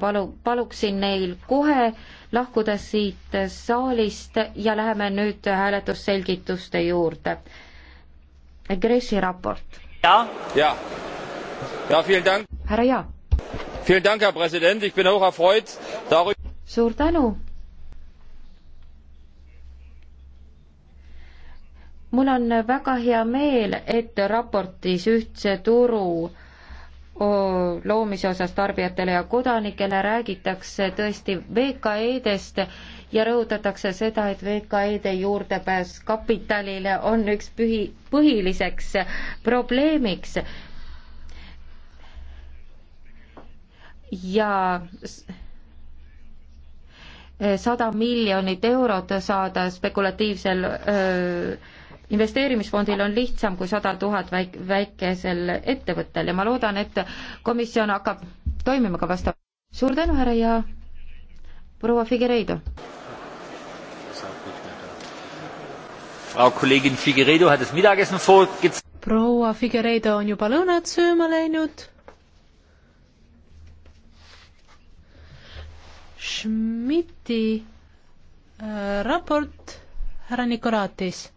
palu, paluksin neil kohe lahkuda siit saalist ja läheme nüüd hääletusselgituste juurde. Gressi raport. ja, ja, ja, härra Ja. suur tänu. mul on väga hea meel, et raportis ühtse turu loomise osas tarbijatele ja kodanikele räägitakse tõesti VKE-dest ja rõhutatakse seda, et VKE-de juurdepääs kapitalile on üks pühi, põhiliseks probleemiks. ja sada miljonit eurot saada spekulatiivsel öö, investeerimisfondil on lihtsam kui sada tuhat väik-, väikesel ettevõttel ja ma loodan, et komisjon hakkab toimima ka vastav-. suur tänu, härra ja proua Figueiredo. proua Figueiredo on juba lõunat sööma läinud. Schmidti äh, raport härra Nikolatis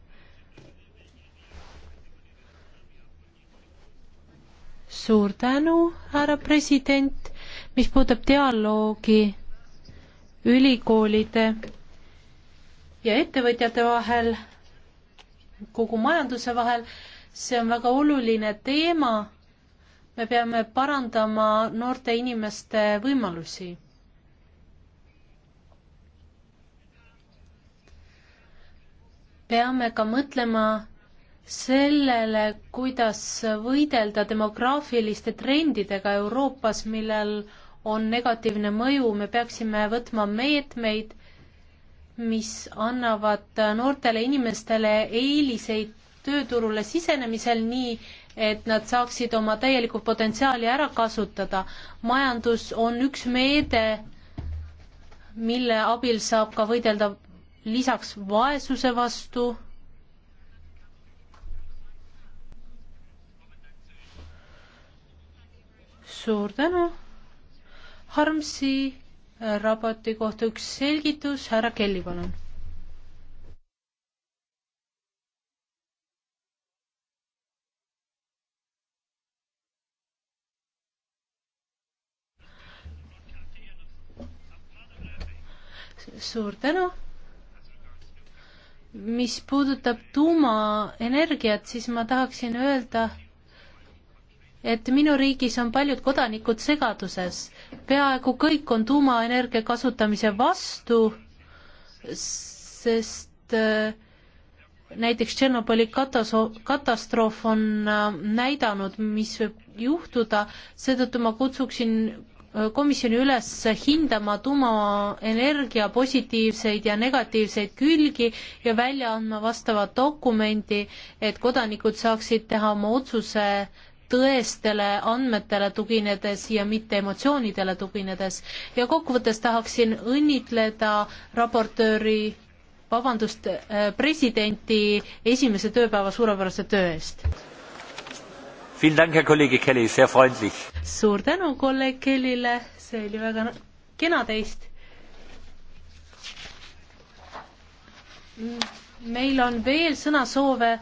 suur tänu, härra president, mis puudutab dialoogi ülikoolide ja ettevõtjate vahel, kogu majanduse vahel, see on väga oluline teema. me peame parandama noorte inimeste võimalusi. peame ka mõtlema sellele, kuidas võidelda demograafiliste trendidega Euroopas, millel on negatiivne mõju, me peaksime võtma meetmeid, mis annavad noortele inimestele eeliseid tööturule sisenemisel, nii et nad saaksid oma täielikku potentsiaali ära kasutada. majandus on üks meede, mille abil saab ka võidelda lisaks vaesuse vastu suur tänu. Harmsi äh, raporti kohta üks selgitus, härra Kelly, palun. suur tänu. mis puudutab tuumaenergiat, siis ma tahaksin öelda, et minu riigis on paljud kodanikud segaduses. peaaegu kõik on tuumaenergia kasutamise vastu, sest äh, näiteks Tšernobõli katastroof on äh, näidanud, mis võib juhtuda, seetõttu ma kutsuksin äh, komisjoni üles hindama tuumaenergia positiivseid ja negatiivseid külgi ja välja andma vastava dokumendi, et kodanikud saaksid teha oma otsuse tõestele andmetele tuginedes ja mitte emotsioonidele tuginedes. ja kokkuvõttes tahaksin õnnitleda raportööri, vabandust, äh, presidenti esimese tööpäeva suurepärase töö eest. suur tänu kolleeg Kellile, see oli väga kena teist. meil on veel sõnasoove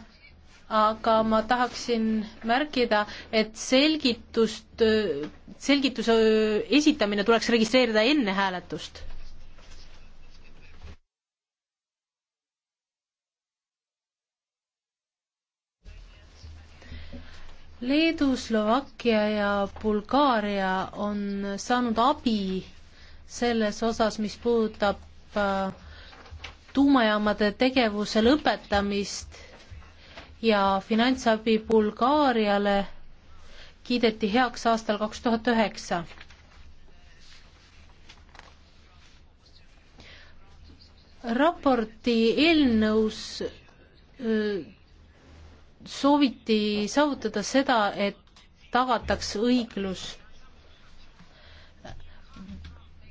aga ma tahaksin märkida, et selgitust, selgituse esitamine tuleks registreerida enne hääletust. Leedu, Slovakkia ja Bulgaaria on saanud abi selles osas, mis puudutab äh, tuumajaamade tegevuse lõpetamist ja finantsabi Bulgaariale kiideti heaks aastal kaks tuhat üheksa. raporti eelnõus sooviti saavutada seda, et tagataks õiglus.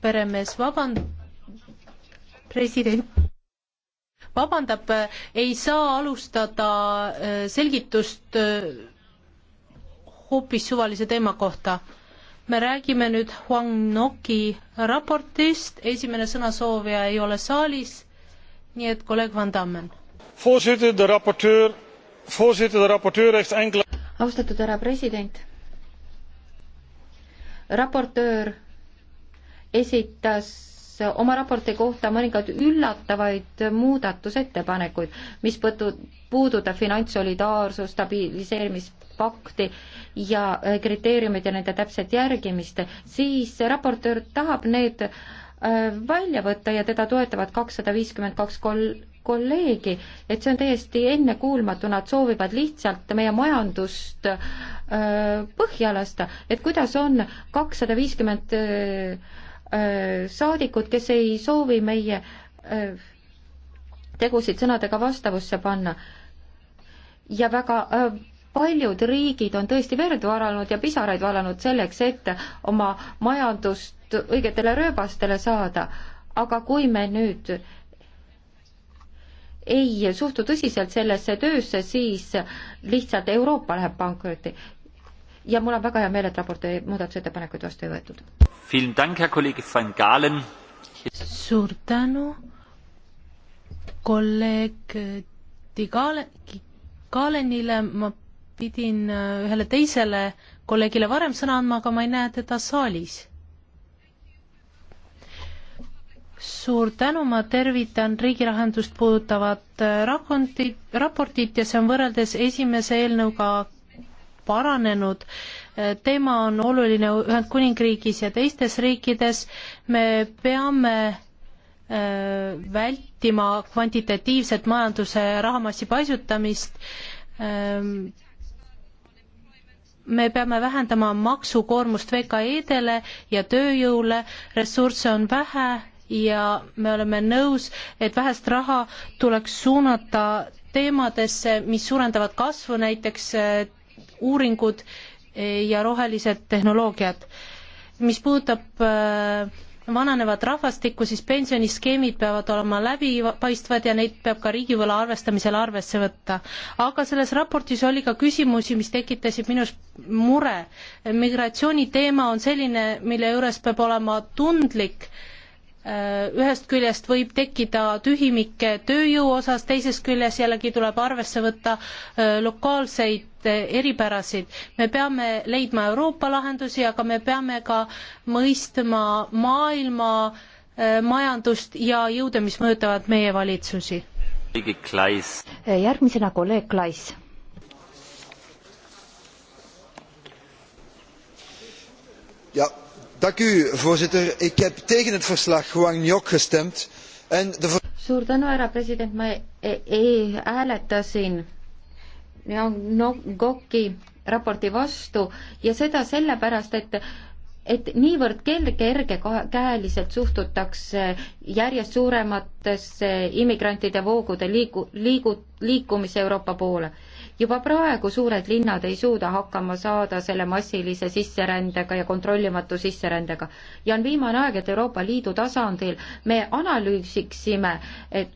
peremees vaband-, president vabandab, ei saa alustada äh, selgitust äh, hoopis suvalise teema kohta. me räägime nüüd Huang Noki raportist, esimene sõnasoovija ei ole saalis, nii et kolleeg Van Dammen. voorzitter, de raportöör, voorzitter, de raportöör heeft enkele austatud härra president, raportöör esitas oma raporti kohta mõningaid üllatavaid muudatusettepanekuid, mis puudutab finantssolidaarsus, stabiliseerimispakti ja äh, kriteeriumid ja nende täpset järgimist, siis raportöör tahab need äh, välja võtta ja teda toetavad kakssada viiskümmend kaks kol-, kolleegi, et see on täiesti ennekuulmatu, nad soovivad lihtsalt meie majandust äh, põhja lasta, et kuidas on kakssada viiskümmend 250 Äh, saadikud, kes ei soovi meie äh, tegusid sõnadega vastavusse panna. ja väga äh, paljud riigid on tõesti verd valanud ja pisaraid valanud selleks, et oma majandust õigetele rööbastele saada. aga kui me nüüd ei suhtu tõsiselt sellesse töösse, siis lihtsalt Euroopa läheb pankrotti ja mul on väga hea meel, et raporti muudatusettepanekuid vastu ei võetud. suur tänu, kolleeg Tigale, Kalenile ma pidin äh, ühele teisele kolleegile varem sõna andma, aga ma ei näe teda saalis suur tänu, ma tervitan riigi rahandust puudutavat äh, rakontit, raportit ja see on võrreldes esimese eelnõuga paranenud. teema on oluline Ühendkuningriigis ja teistes riikides. me peame äh, vältima kvantitatiivset majanduse rahamassi paisutamist. Ähm, me peame vähendama maksukoormust VKE-dele ja tööjõule, ressursse on vähe ja me oleme nõus, et vähest raha tuleks suunata teemadesse, mis suurendavad kasvu, näiteks äh, uuringud ja rohelised tehnoloogiad. mis puudutab äh, vananevat rahvastikku, siis pensioniskeemid peavad olema läbipaistvad ja neid peab ka riigivõla arvestamisel arvesse võtta. aga selles raportis oli ka küsimusi, mis tekitasid minus mure. migratsiooniteema on selline, mille juures peab olema tundlik äh, Äh, ühest küljest võib tekkida tühimik tööjõu osas, teisest küljest jällegi tuleb arvesse võtta äh, lokaalseid äh, eripärasid. me peame leidma Euroopa lahendusi, aga me peame ka mõistma maailma majandust ja jõude, mis mõjutavad meie valitsusi. järgmisena kolleeg Klais Ja, voorzitter ik heb tegen het verslag huang gestemd en de. suur tänu härra president ma ei, ei hääletasin Ngoki raporti vastu ja seda sellepärast et et niivõrd kergekäeliselt suhtutakse järjest suurematesse immigrantide voogude liigu, liigu, liikumise Euroopa poole juba praegu suured linnad ei suuda hakkama saada selle massilise sisserändega ja kontrollimatu sisserändega. ja on viimane aeg, et Euroopa Liidu tasandil me analüüsiksime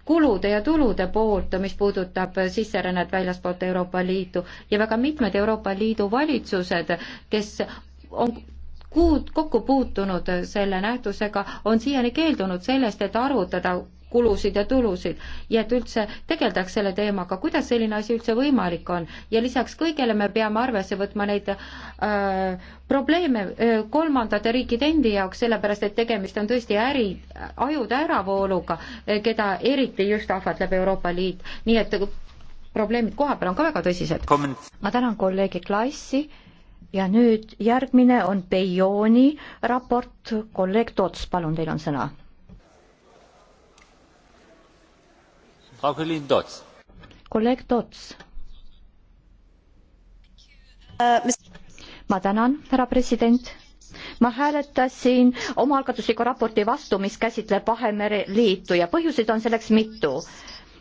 kulude ja tulude poolt, mis puudutab sisserännet väljaspoolt Euroopa Liitu ja väga mitmed Euroopa Liidu valitsused, kes on kuud kokku puutunud selle nähtusega, on siiani keeldunud sellest, et arvutada kulusid ja tulusid ja et üldse tegeldaks selle teemaga, kuidas selline asi üldse võimalik on. ja lisaks kõigele me peame arvesse võtma neid äh, probleeme äh, kolmandate riikide endi jaoks, sellepärast et tegemist on tõesti äri, ajude äravooluga, äh, keda eriti just ahvatleb Euroopa Liit, nii et probleemid kohapeal on ka väga tõsised. ma tänan kolleegi Klassi ja nüüd järgmine on Beioni raport, kolleeg Toots, palun, teil on sõna kolleeg Tots. ma tänan, härra president ma hääletasin omaalgatusliku raporti vastu, mis käsitleb Vahemere liitu ja põhjuseid on selleks mitu.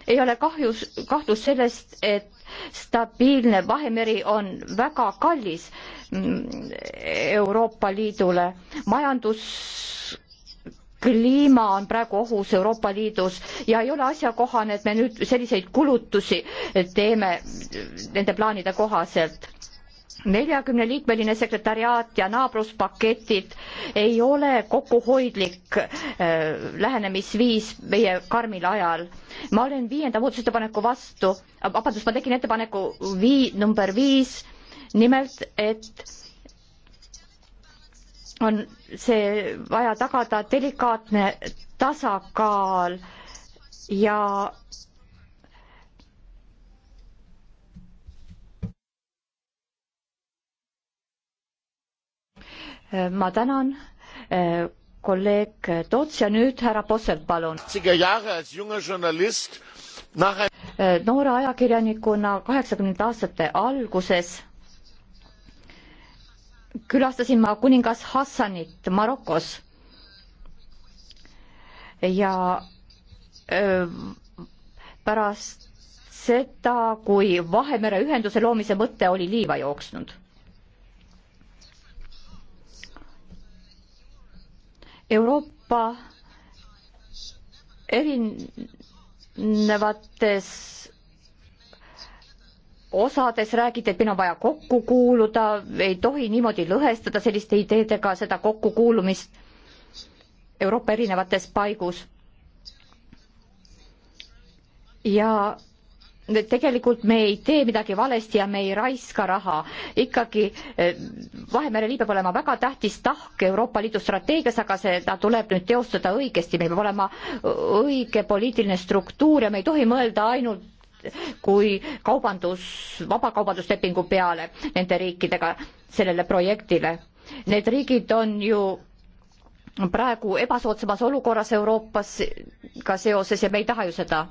ei ole kahjus, kahtlust sellest, et stabiilne Vahemeri on väga kallis mm, Euroopa Liidule. majandus kliima on praegu ohus Euroopa Liidus ja ei ole asjakohane, et me nüüd selliseid kulutusi teeme nende plaanide kohaselt. neljakümne liikmeline sekretariaat ja naabruspaketid ei ole kokkuhoidlik äh, lähenemisviis meie karmil ajal. ma olen viienda muudatusettepaneku vastu, vabandust, ma tegin ettepaneku vii-, number viis, nimelt et on see vaja tagada delikaatne tasakaal ja ma tänan eh, kolleeg Toots ja nüüd härra Posselt, palun. Eh, noore ajakirjanikuna kaheksakümnendate aastate alguses külastasin ma kuningas Hassanit Marokos ja öö, pärast seda, kui Vahemere ühenduse loomise mõte oli liiva jooksnud. Euroopa erinevates osades räägiti, et meil on vaja kokku kuuluda, ei tohi niimoodi lõhestada selliste ideedega seda kokkukuulumist Euroopa erinevates paigus. ja tegelikult me ei tee midagi valesti ja me ei raiska raha. ikkagi eh, Vahemere liib peab olema väga tähtis tahk Euroopa Liidu strateegias, aga seda tuleb nüüd teostada õigesti, meil peab olema õige poliitiline struktuur ja me ei tohi mõelda ainult kui kaubandus, vabakaubanduslepingu peale nende riikidega sellele projektile. Need riigid on ju praegu ebasoodsamas olukorras Euroopas ka seoses ja me ei taha ju seda.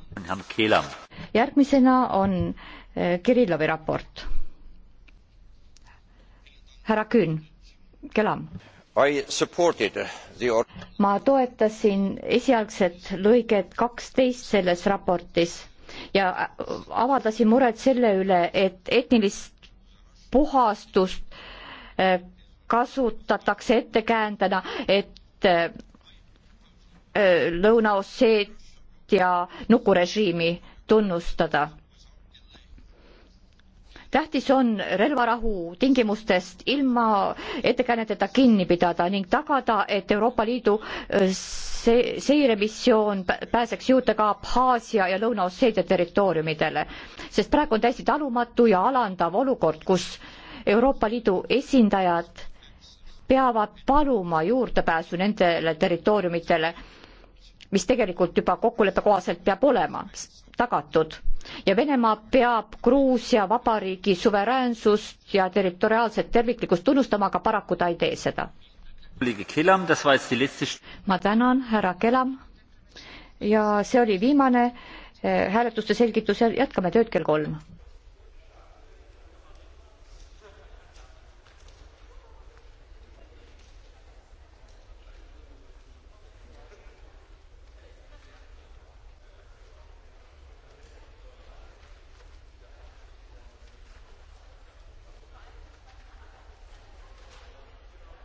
järgmisena on eh, Kirillovi raport. härra Küün, kelam. The... ma toetasin esialgset lõiget kaksteist selles raportis ja avaldasin muret selle üle, et etnilist puhastust äh, kasutatakse ettekäändena, et äh, Lõuna-Osseetia nukurežiimi tunnustada tähtis on relvarahu tingimustest ilma ettekääneteta kinni pidada ning tagada, et Euroopa Liidu äh, see seiremissioon pääseks juurde ka Abhaasia ja Lõuna-Osseetia territooriumidele, sest praegu on täiesti talumatu ja alandav olukord, kus Euroopa Liidu esindajad peavad paluma juurdepääsu nendele territooriumitele, mis tegelikult juba kokkuleppe kohaselt peab olema tagatud ja Venemaa peab Gruusia vabariigi suveräänsust ja territoriaalset terviklikkust tunnustama, aga paraku ta ei tee seda. ma tänan, härra Kelam. ja see oli viimane eh, hääletuste selgitus ja jätkame tööd kell kolm